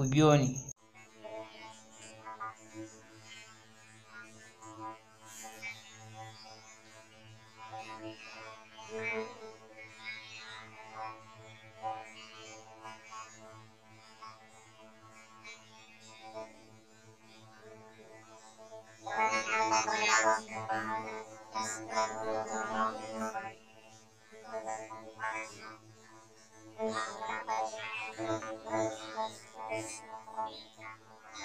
kujioni Thank you.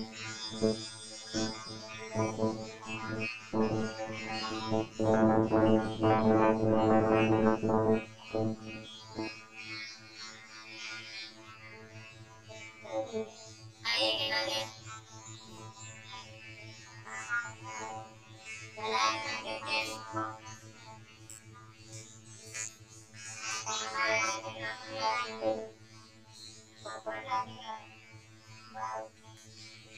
Wow.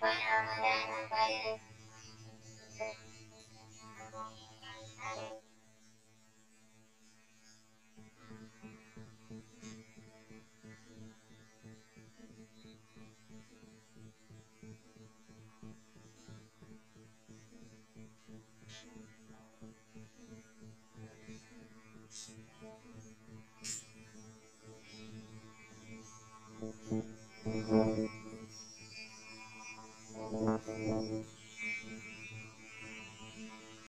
Bye. Thank you.